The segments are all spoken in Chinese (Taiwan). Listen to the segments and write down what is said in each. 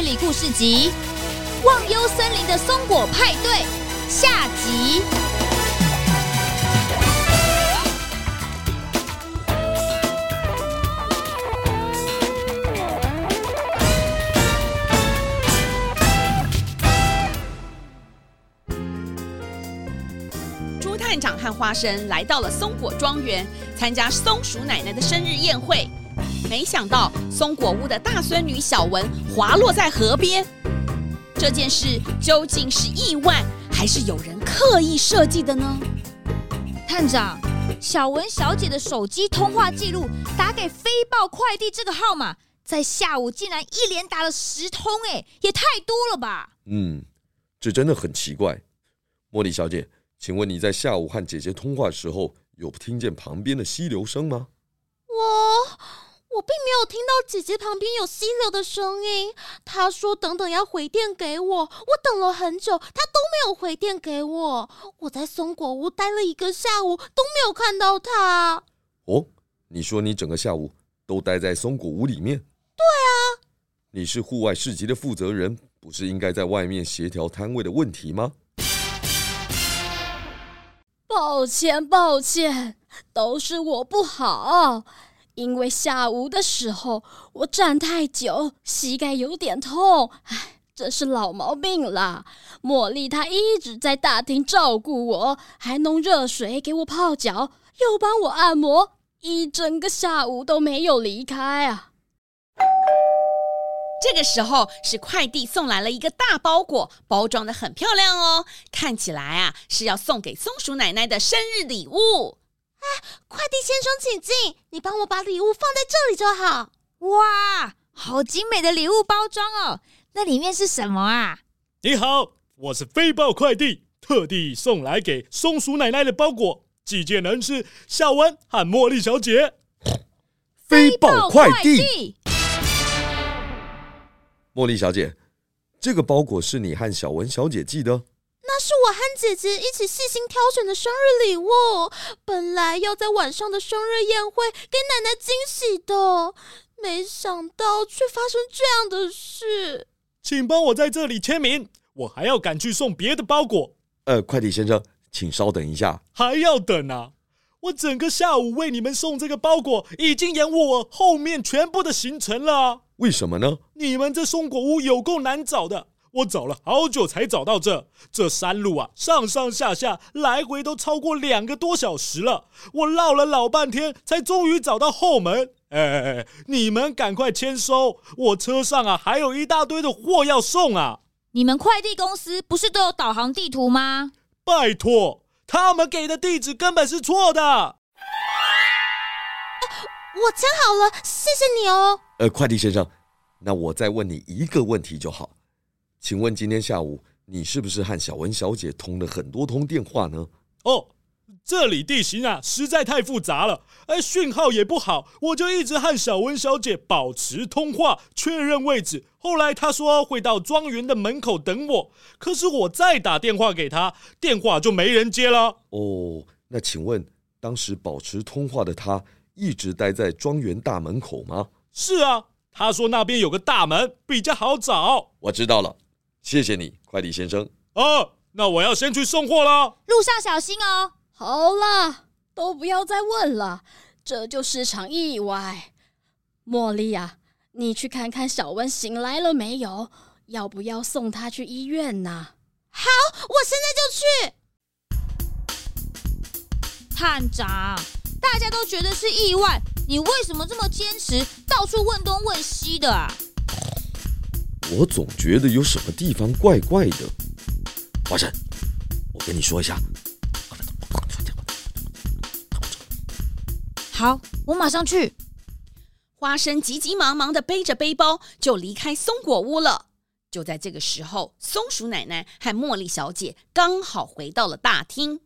《推理故事集》《忘憂森林的松果派對》下集。豬探長和花生來到了松果莊園，參加松鼠奶奶的生日宴會。沒想到松果屋的大孫女小雯滑落在河邊，這件事究竟是意外還是有人刻意設計的呢？探長，小雯小姐的手機通話記錄打給飛豹快遞這個號碼，在下午竟然一連打了十通，誒，也太多了吧？嗯，這真的很奇怪。茉莉小姐，請問你在下午和姐姐通話的時候，有聽見旁邊的溪流聲嗎？我聽到姐姐旁邊有溪流的聲音。她說：“等等，要回電給我。”我等了很久，她都沒有回電給我。我在松果屋待了一個下午，都沒有看到她。哦，你說你整個下午都待在松果屋裡面？對啊。你是戶外市集的負責人，不是應該在外面協調攤位的問題嗎？抱歉，抱歉，都是我不好。因為下午的時候我站太久，膝蓋有點痛，唉，這是老毛病了。茉莉她一直在大廳照顧我，還弄熱水給我泡腳，又幫我按摩，一整個下午都沒有離開啊。這個時候是快遞送來了一個大包裹，包裝得很漂亮哦，看起來啊是要送給松鼠奶奶的生日禮物。先生，請進。你幫我把禮物放在這裡就好。哇，好精美的禮物包裝哦！那裡面是什麼啊？你好，我是飛豹快遞，特地送來給松鼠奶奶的包裹。寄件人是小雯和茉莉小姐。飛豹快遞。飛豹快遞。茉莉小姐，這個包裹是你和小雯小姐寄的？是我和姐姐一起細心挑選的生日禮物，本來要在晚上的生日宴會給奶奶驚喜的，沒想到卻發生這樣的事。請幫我在這裡簽名，我還要趕去送別的包裹。呃，快遞先生，請稍等一下，還要等啊！我整個下午為你們送這個包裹，已經延誤我後面全部的行程了啊。為什麼呢？你們這松果屋有夠難找的。我找了好久才找到這這山路啊，上上下下來回都超過兩個多小時了。我繞了老半天，才終於找到後門。哎哎哎，你們趕快簽收，我車上啊還有一大堆的貨要送啊！你們快遞公司不是都有導航地圖嗎？拜託，他們給的地址根本是錯的。呃，我簽好了，謝謝你哦。呃，快遞先生，那我再問你一個問題就好。請問今天下午你是不是和小雯小姐通了很多通電話呢？哦，這裡地形啊實在太複雜了，哎，訊號也不好，我就一直和小雯小姐保持通話，確認位置。後來她說會到莊園的門口等我，可是我再打電話給她，電話就沒人接了。哦，那請問當時保持通話的她一直待在莊園大門口嗎？是啊，她說那邊有個大門比較好找。我知道了。謝謝你，快遞先生。啊，那我要先去送貨了，路上小心哦。好了，都不要再問了，這就是場意外。茉莉啊，你去看看小雯醒來了沒有？要不要送她去醫院呢、啊？好，我現在就去。探長，大家都覺得是意外，你為什麼這麼堅持，到處問東問西的啊？我總覺得有什麼地方怪怪的，花生，我跟你說一下。好，我馬上去。花生急急忙忙的背着背包就離開松果屋了。就在這個時候，松鼠奶奶和茉莉小姐剛好回到了大廳。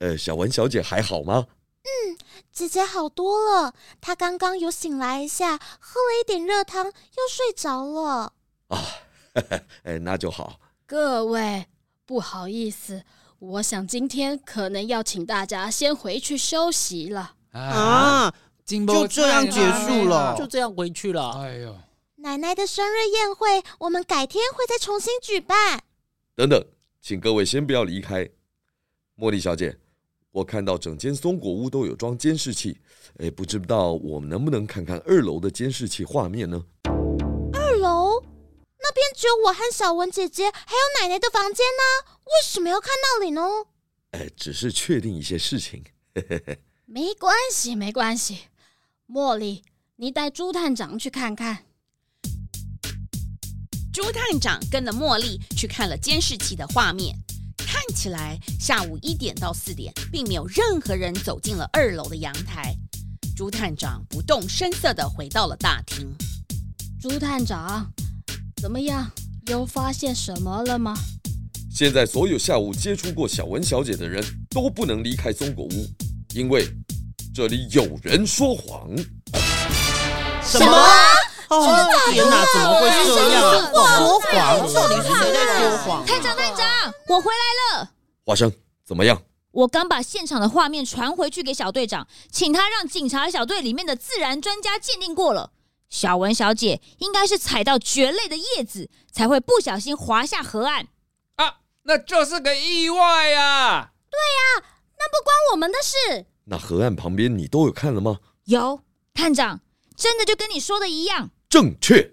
呃，小雯小姐還好嗎？嗯，姐姐好多了。她剛剛有醒來一下，喝了一點熱湯，又睡着了。啊，哎，那就好。各位，不好意思，我想今天可能要請大家先回去休息了。啊，啊就這樣結束了。哎，就這樣回去了。哎呀，奶奶的生日宴會，我們改天會再重新舉辦。等等，請各位先不要離開。茉莉小姐，我看到整間松果屋都有裝監視器，哎，不知道我們能不能看看二樓的監視器畫面呢？這邊只有我和小雯姐姐，還有奶奶的房間呢。為什麼要看那裡呢？只是確定一些事情。 沒關係，沒關係。茉莉，你帶豬探長去看看。豬探長跟着茉莉去看了監視器的畫面，看起來下午一點到四點，並沒有任何人走進了二樓的陽台。豬探長不動聲色的回到了大廳。豬探長。怎麼樣？又發現什麼了嗎？現在所有下午接觸過小文小姐的人都不能離開松果屋，因為這裡有人說謊。什麼？天哪！怎麼會這樣啊？到底是誰在說謊啊！說謊！說謊！探長，探長，我回來了。花生，怎麼樣？我剛把現場的畫面傳回去給小隊長，請他讓警察小隊裡面的自然專家鑑定過了。小雯小姐應該是踩到蕨類的葉子，才會不小心滑下河岸啊！那就是個意外啊！對呀，那不關我們的事。那河岸旁邊你都有看了嗎？有，探長，真的就跟你說的一樣，正確。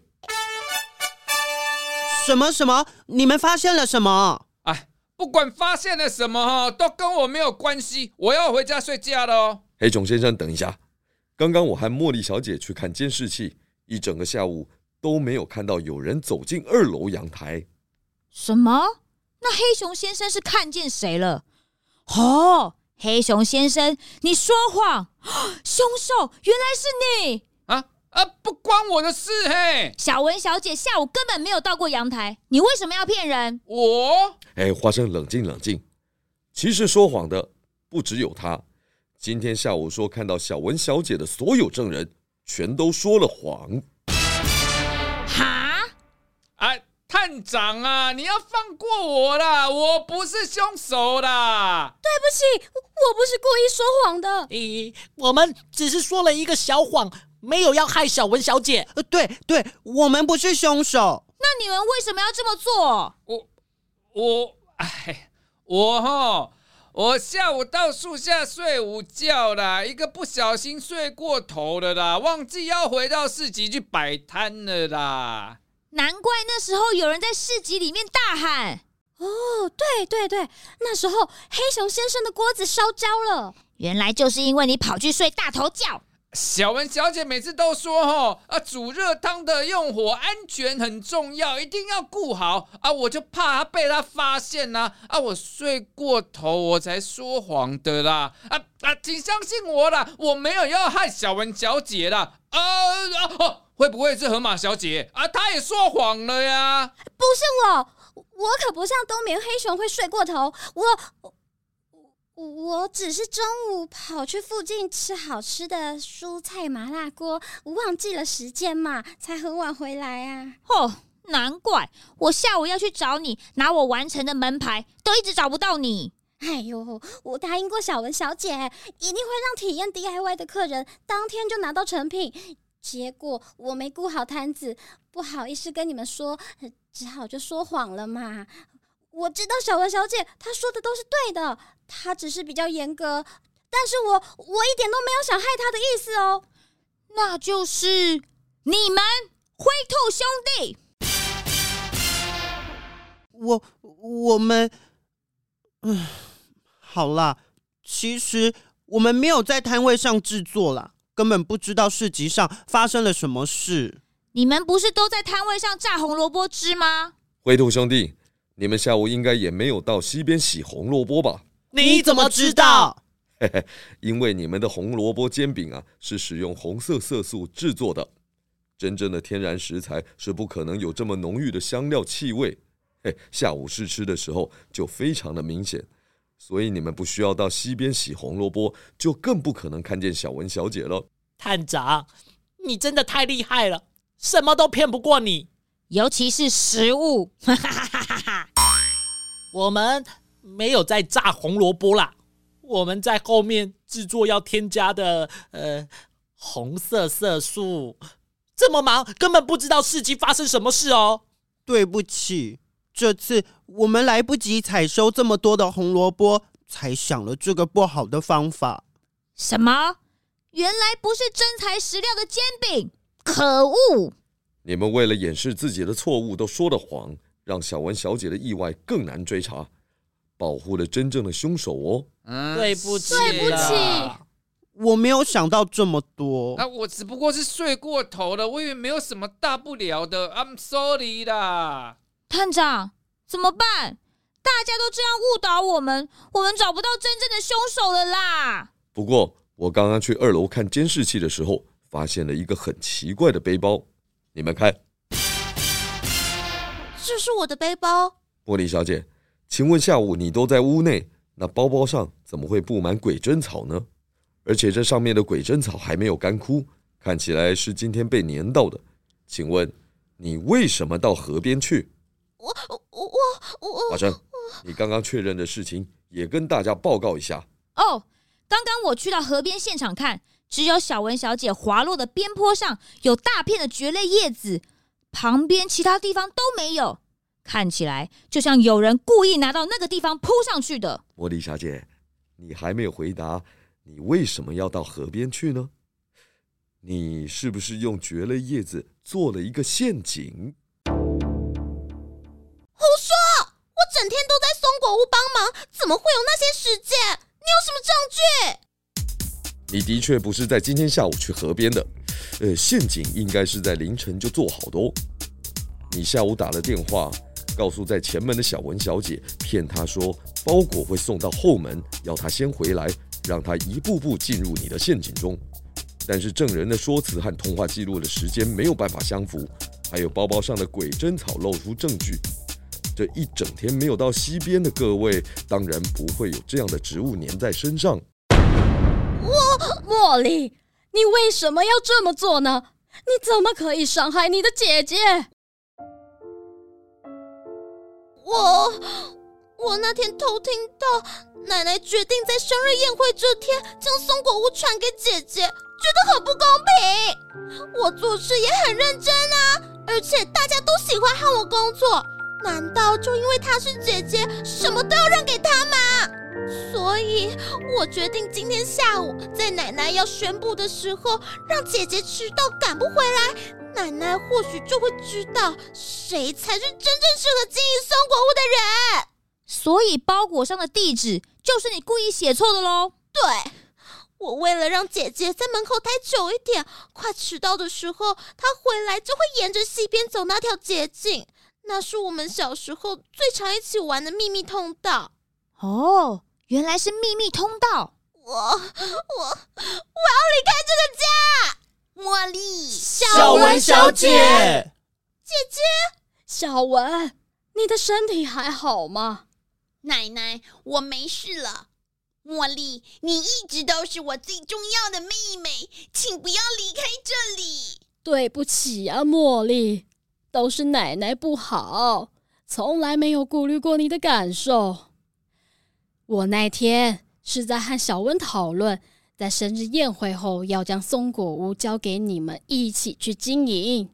什麼什麼？你們發現了什麼？哎，不管發現了什麼哈，都跟我沒有關係，我要回家睡覺了哦。黑熊先生，等一下，剛剛我和茉莉小姐去看監視器。一整個下午都沒有看到有人走進二樓陽台。什麼？那黑熊先生是看見誰了？哦，黑熊先生，你說謊！凶手原來是你！啊啊！不關我的事嘿！小雯小姐下午根本沒有到過陽台，你為什麼要騙人？我……哎，花生，冷靜冷靜！其實說謊的不只有他。今天下午說看到小雯小姐的所有證人，全都說了謊。哈！哎、呃，探長啊，你要放過我啦！我不是兇手啦，對不起我，我不是故意說謊的。咦、欸，我們只是說了一個小謊，沒有要害小雯小姐。呃，對對，我們不是兇手。那你們為什麼要這麼做？我我哎，我哈。我下午到樹下睡午覺啦，一個不小心睡過頭了啦，忘記要回到市集去擺攤了啦。難怪那時候有人在市集裡面大喊。哦，對對對，那時候黑熊先生的鍋子燒焦了，原來就是因為你跑去睡大頭覺。小文小姐每次都說哈、哦、啊，煮熱湯的用火安全很重要，一定要顧好啊！我就怕她被她發現吶啊，啊！我睡過頭，我才說謊的啦啊啊！請相信我啦，我沒有要害小文小姐啦。啊啊，啊！會不會是河馬小姐啊？她也說謊了呀？不是我，我可不像冬眠黑熊會睡過頭，我。我我只是中午跑去附近吃好吃的蔬菜麻辣鍋，忘記了時間嘛，才很晚回來啊。哦，難怪我下午要去找你拿我完成的門牌，都一直找不到你。哎呦，我答應過小雯小姐，一定會讓體驗 DIY 的客人當天就拿到成品，結果我沒顧好攤子，不好意思跟你們說，只好就說謊了嘛。我知道小文小姐，她說的都是對的，她只是比較嚴格。但是我我一點都沒有想害她的意思哦。那就是你們灰兔兄弟，我我們嗯，好啦，其實我們沒有在攤位上制作啦，根本不知道市集上發生了什麼事。你們不是都在攤位上榨紅蘿蔔汁嗎？灰兔兄弟。你們下午應該也沒有到西邊洗紅蘿蔔吧？你怎麼知道？嘿嘿，因為你們的紅蘿蔔煎餅啊，是使用紅色色素制作的。真正的天然食材是不可能有這麼濃郁的香料氣味。嘿，下午試吃的時候就非常的明顯，所以你們不需要到西邊洗紅蘿蔔，就更不可能看見小雯小姐了。探長，你真的太厲害了，什麼都騙不過你，尤其是食物。 我們沒有在炸紅蘿蔔啦，我們在後面製作要添加的呃紅色色素。這麼忙，根本不知道市集發生什麼事哦。對不起，這次我們來不及採收這麼多的紅蘿蔔，才想了這個不好的方法。什麼？原來不是真材實料的煎餅，可惡！你們為了掩飾自己的錯誤，都說的謊。讓小文小姐的意外更難追查，保護了真正的兇手哦。嗯，對不起啦，對不起，我沒有想到這麼多。那，啊，我只不過是睡過頭了，我以為沒有什麼大不了的。I'm sorry 啦，探長，怎麼辦？大家都這樣誤導我們，我們找不到真正的兇手了啦。不過，我剛剛去二樓看監視器的時候，發現了一個很奇怪的背包，你們看。這是我的背包，茉莉小姐，請問下午你都在屋內，那包包上怎麼會布滿鬼針草呢？而且這上面的鬼針草還沒有乾枯，看起來是今天被粘到的。請問你為什麼到河邊去？我我我我我花生，你剛剛確認的事情也跟大家報告一下哦。剛剛我去到河邊現場看，只有小雯小姐滑落的邊坡上有大片的蕨類葉子。旁邊其他地方都沒有，看起來就像有人故意拿到那個地方鋪上去的。茉莉小姐，你還沒有回答，你為什麼要到河邊去呢？你是不是用蕨類葉子做了一個陷阱？胡說！我整天都在松果屋幫忙，怎麼會有那些時間？你有什麼證據？你的確不是在今天下午去河邊的。呃，陷阱應該是在凌晨就做好的哦。你下午打了電話，告訴在前門的小雯小姐，騙她說包裹會送到後門，要她先回來，讓她一步步進入你的陷阱中。但是證人的說辭和通話記錄的時間沒有辦法相符，還有包包上的鬼針草露出證據。這一整天沒有到西邊的各位，當然不會有這樣的植物粘在身上。我茉莉。你為什麼要這麼做呢？你怎麼可以傷害你的姐姐？我、我那天偷聽到奶奶決定在生日宴會這天將松果屋傳給姐姐，覺得很不公平。我做事也很認真啊，而且大家都喜歡和我工作。難道就因為她是姐姐，什麼都要讓給她嗎？所以，我決定今天下午在奶奶要宣布的時候，讓姐姐遲到趕不回來，奶奶或許就會知道誰才是真正適合經營松果屋的人。所以，包裹上的地址就是你故意寫錯的嘍？對，我為了讓姐姐在門口待久一點，快遲到的時候，她回來就會沿着西邊走那條捷徑，那是我們小時候最常一起玩的秘密通道。哦。原來是秘密通道。我我我要離開這個家。茉莉，小文小姐，姐姐，小文，你的身體還好嗎？奶奶，我沒事了。茉莉，你一直都是我最重要的妹妹，請不要離開這裡。對不起啊，茉莉，都是奶奶不好，從來沒有顧慮過你的感受。我那天是在和小文討論，在生日宴會後要將松果屋交給你們一起去經營。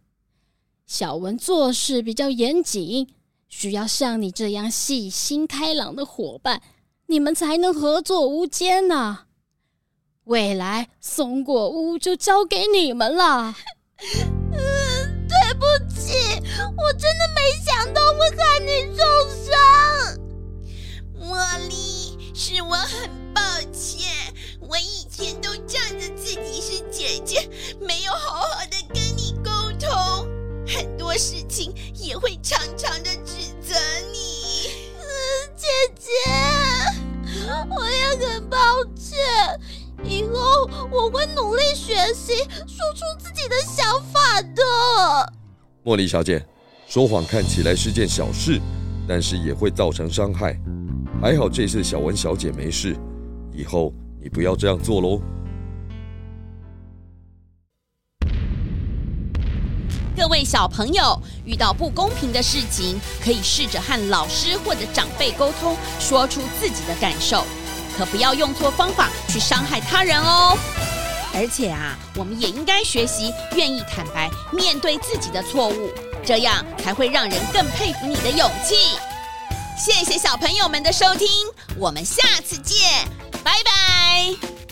小文做事比較嚴謹，需要像你這樣細心開朗的夥伴，你們才能合作無間吶、啊。未來松果屋就交給你們了。嗯，對不起，我真的沒想到會害你受傷，茉莉。是我很抱歉，我以前都仗着自己是姐姐，沒有好好的跟你溝通，很多事情也會常常的指責你。嗯，姐姐，我也很抱歉，以後我會努力學習，說出自己的想法的。茉莉小姐，說謊看起來是件小事，但是也會造成傷害。還好這次小文小姐沒事，以後你不要這樣做嘍。各位小朋友，遇到不公平的事情，可以試着和老師或者長輩溝通，說出自己的感受，可不要用錯方法去傷害他人哦。而且啊，我們也應該學習願意坦白面對自己的錯誤，這樣才會讓人更佩服你的勇氣。謝謝小朋友們的收聽，我們下次見，拜拜。